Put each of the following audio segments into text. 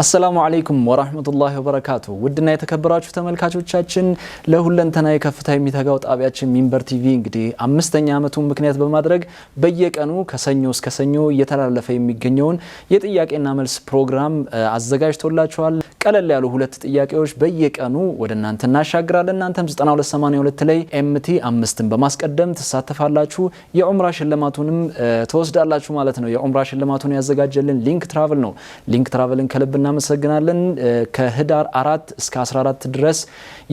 አሰላሙ አለይኩም ወራህመቱላሂ ወበረካቱ። ውድና የተከበራችሁ ተመልካቾቻችን ለሁለንተና የከፍታ የሚተጋው ጣቢያችን ሚንበር ቲቪ እንግዲህ አምስተኛ ዓመቱን ምክንያት በማድረግ በየቀኑ ከሰኞ እስከ ሰኞ እየተላለፈ የሚገኘውን የጥያቄና መልስ ፕሮግራም አዘጋጅቶላችኋል። ቀለል ያሉ ሁለት ጥያቄዎች በየቀኑ ወደ እናንተ እናሻግራለን። እናንተም 9282 ላይ ኤምቲ አምስትን በማስቀደም ትሳተፋላችሁ፣ የዑምራ ሽልማቱንም ትወስዳላችሁ ማለት ነው። የዑምራ ሽልማቱን ያዘጋጀልን ሊንክ ትራቭል ነው። ሊንክ ትራቭልን ከልብና እናመሰግናለን። ከህዳር አራት እስከ 14 ድረስ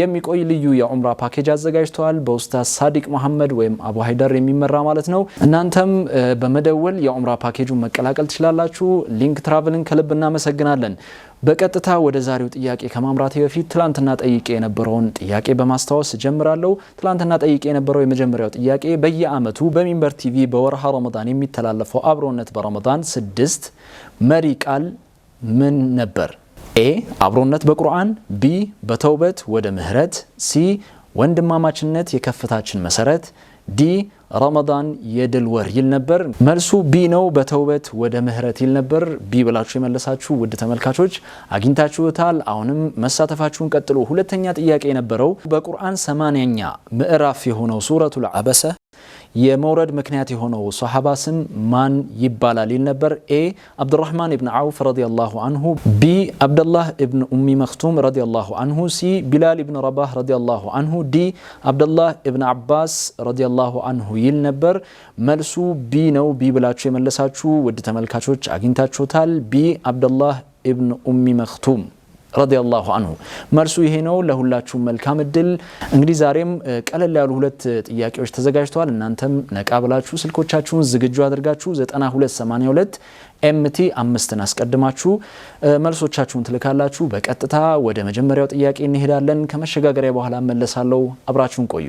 የሚቆይ ልዩ የዑምራ ፓኬጅ አዘጋጅተዋል። በኡስታዝ ሳዲቅ መሐመድ ወይም አቡ ሀይደር የሚመራ ማለት ነው። እናንተም በመደወል የዑምራ ፓኬጁን መቀላቀል ትችላላችሁ። ሊንክ ትራቭልን ከልብ እናመሰግናለን። በቀጥታ ወደ ዛሬው ጥያቄ ከማምራቴ በፊት ትላንትና ጠይቄ የነበረውን ጥያቄ በማስታወስ ጀምራለሁ ትላንትና ጠይቄ የነበረው የመጀመሪያው ጥያቄ በየአመቱ በሚንበር ቲቪ በወርሃ ረመዳን የሚተላለፈው አብሮነት በረመዳን ስድስት መሪ ቃል ምን ነበር? ኤ አብሮነት በቁርአን፣ ቢ በተውበት ወደ ምህረት፣ ሲ ወንድማማችነት የከፍታችን መሰረት፣ ዲ ረመዳን የድል ወር ይል ነበር። መልሱ ቢ ነው፣ በተውበት ወደ ምህረት ይል ነበር። ቢ ብላችሁ የመለሳችሁ ውድ ተመልካቾች አግኝታችሁታል። አሁንም መሳተፋችሁን ቀጥሎ ሁለተኛ ጥያቄ የነበረው በቁርአን ሰማንያኛ ምዕራፍ የሆነው ሱረቱል አበሰ የመውረድ ምክንያት የሆነው ሰሓባ ስም ማን ይባላል? ይል ነበር። ኤ አብዱራህማን ብን ዓውፍ ረዲየላሁ አንሁ፣ ቢ አብደላህ ብን ኡሚ መክቱም ረዲየላሁ አንሁ፣ ሲ ቢላል ብን ረባህ ረዲያላሁ አንሁ፣ ዲ አብደላህ ብን አባስ ረዲያላሁ አንሁ ይል ነበር። መልሱ ቢ ነው። ቢ ብላችሁ የመለሳችሁ ውድ ተመልካቾች አግኝታችሁታል። ቢ አብደላህ ብን ኡሚ መክቱም ረዲየላሁ አንሁ። መልሱ ይሄ ነው። ለሁላችሁም መልካም እድል። እንግዲህ ዛሬም ቀለል ያሉ ሁለት ጥያቄዎች ተዘጋጅተዋል። እናንተም ነቃ ብላችሁ ስልኮቻችሁን ዝግጁ አድርጋችሁ 9282 ኤምቲ አምስትን አስቀድማችሁ መልሶቻችሁን ትልካላችሁ። በቀጥታ ወደ መጀመሪያው ጥያቄ እንሄዳለን። ከመሸጋገሪያ በኋላ መለሳለሁ። አብራችሁን ቆዩ።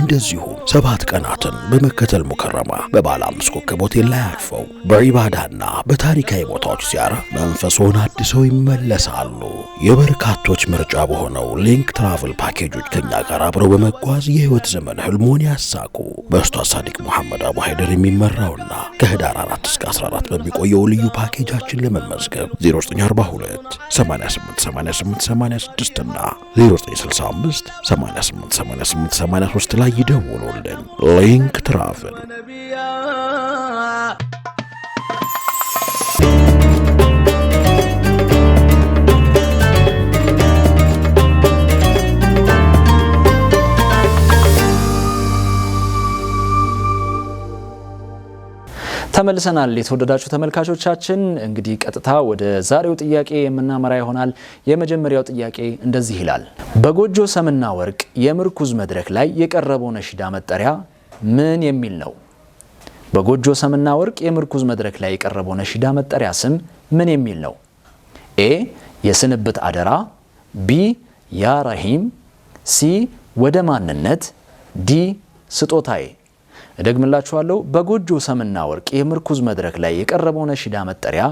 እንደዚሁም ሰባት ቀናትን በመከተል ሙከረማ በባለ አምስት ኮከብ ሆቴል ላይ አርፈው በዒባዳና በታሪካዊ ቦታዎች ሲያረ መንፈሶን አድሰው ይመለሳሉ። የበርካቶች ምርጫ በሆነው ሊንክ ትራቭል ፓኬጆች ከኛ ጋር አብረው በመጓዝ የህይወት ዘመን ህልሞን ያሳቁ። በኡስታዝ ሳዲቅ መሐመድ አቡ ሀይደር የሚመራውና ከህዳር 4 እስከ 14 በሚቆየው ልዩ ፓኬጃችን ለመመዝገብ 0942 86 እና 0965 888883 ላይ ላይ ይደውሉልን። ሊንክ ትራቭል ተመልሰናል። የተወደዳችሁ ተመልካቾቻችን እንግዲህ ቀጥታ ወደ ዛሬው ጥያቄ የምናመራ ይሆናል። የመጀመሪያው ጥያቄ እንደዚህ ይላል። በጎጆ ሰምና ወርቅ የምርኩዝ መድረክ ላይ የቀረበው ነሺዳ መጠሪያ ምን የሚል ነው? በጎጆ ሰምና ወርቅ የምርኩዝ መድረክ ላይ የቀረበው ነሺዳ መጠሪያ ስም ምን የሚል ነው? ኤ የስንብት አደራ፣ ቢ ያ ረሂም፣ ሲ ወደ ማንነት፣ ዲ ስጦታዬ እደግምላችኋለሁ። በጎጆ ሰምና ወርቅ የምርኩዝ መድረክ ላይ የቀረበው ነሺዳ መጠሪያ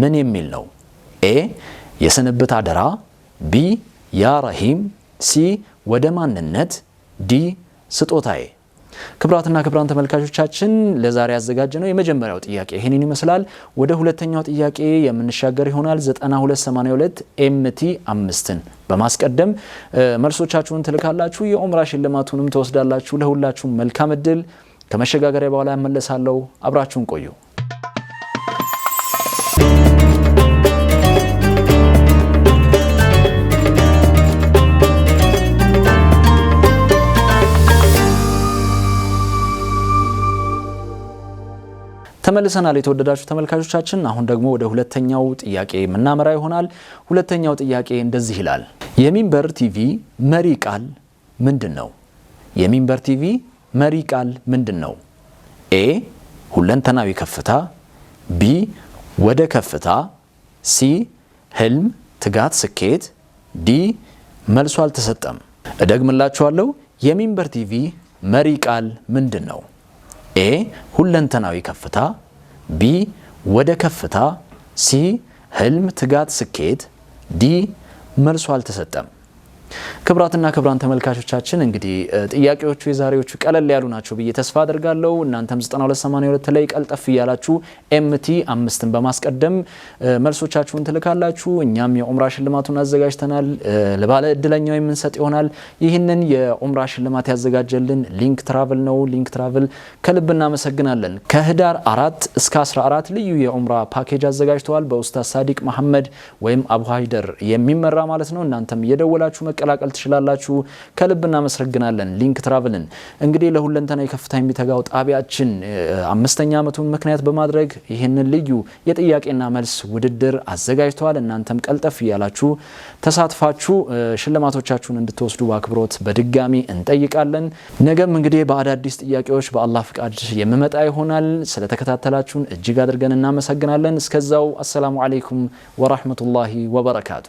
ምን የሚል ነው? ኤ የስንብት አደራ፣ ቢ ያ ረሂም፣ ሲ ወደ ማንነት፣ ዲ ስጦታዬ። ክብራትና ክብራን ተመልካቾቻችን ለዛሬ ያዘጋጀ ነው የመጀመሪያው ጥያቄ ይህንን ይመስላል። ወደ ሁለተኛው ጥያቄ የምንሻገር ይሆናል። 9282 ኤምቲ አምስትን በማስቀደም መልሶቻችሁን ትልካላችሁ፣ የኦምራ ሽልማቱንም ትወስዳላችሁ። ለሁላችሁም መልካም እድል ከመሸጋገሪያ በኋላ እመለሳለሁ። አብራችሁን ቆዩ። ተመልሰናል የተወደዳችሁ ተመልካቾቻችን። አሁን ደግሞ ወደ ሁለተኛው ጥያቄ የምናመራ ይሆናል። ሁለተኛው ጥያቄ እንደዚህ ይላል። የሚንበር ቲቪ መሪ ቃል ምንድን ነው? የሚንበር ቲቪ መሪ ቃል ምንድን ነው? ኤ ሁለንተናዊ ከፍታ፣ ቢ ወደ ከፍታ፣ ሲ ህልም፣ ትጋት፣ ስኬት፣ ዲ መልሶ አልተሰጠም። እደግምላችኋለሁ። የሚንበር ቲቪ መሪ ቃል ምንድን ነው? ኤ ሁለንተናዊ ከፍታ፣ ቢ ወደ ከፍታ፣ ሲ ህልም፣ ትጋት፣ ስኬት፣ ዲ መልሶ አልተሰጠም። ክብራትና ክብራን ተመልካቾቻችን እንግዲህ ጥያቄዎቹ የዛሬዎቹ ቀለል ያሉ ናቸው ብዬ ተስፋ አድርጋለሁ። እናንተም 9282 ላይ ቀልጠፍ እያላችሁ ኤምቲ አምስትን በማስቀደም መልሶቻችሁን ትልካላችሁ። እኛም የኡምራ ሽልማቱን አዘጋጅተናል፣ ለባለ እድለኛው የምንሰጥ ይሆናል። ይህንን የኡምራ ሽልማት ያዘጋጀልን ሊንክ ትራቭል ነው። ሊንክ ትራቭል ከልብ እናመሰግናለን። ከህዳር አራት እስከ 14 ልዩ የኡምራ ፓኬጅ አዘጋጅተዋል። በኡስታዝ ሳዲቅ መሐመድ ወይም አቡ ሀይደር የሚመራ ማለት ነው። እናንተም እየደወላችሁ መቀላቀል ትችላላችሁ። ከልብ እናመሰግናለን ሊንክ ትራቭልን። እንግዲህ ለሁለንተና የከፍታ የሚተጋው ጣቢያችን አምስተኛ ዓመቱን ምክንያት በማድረግ ይህንን ልዩ የጥያቄና መልስ ውድድር አዘጋጅተዋል። እናንተም ቀልጠፍ እያላችሁ ተሳትፋችሁ ሽልማቶቻችሁን እንድትወስዱ በአክብሮት በድጋሚ እንጠይቃለን። ነገም እንግዲህ በአዳዲስ ጥያቄዎች በአላህ ፍቃድ የምመጣ ይሆናል። ስለተከታተላችሁን እጅግ አድርገን እናመሰግናለን። እስከዛው አሰላሙ አለይኩም ወራህመቱላሂ ወበረካቱ።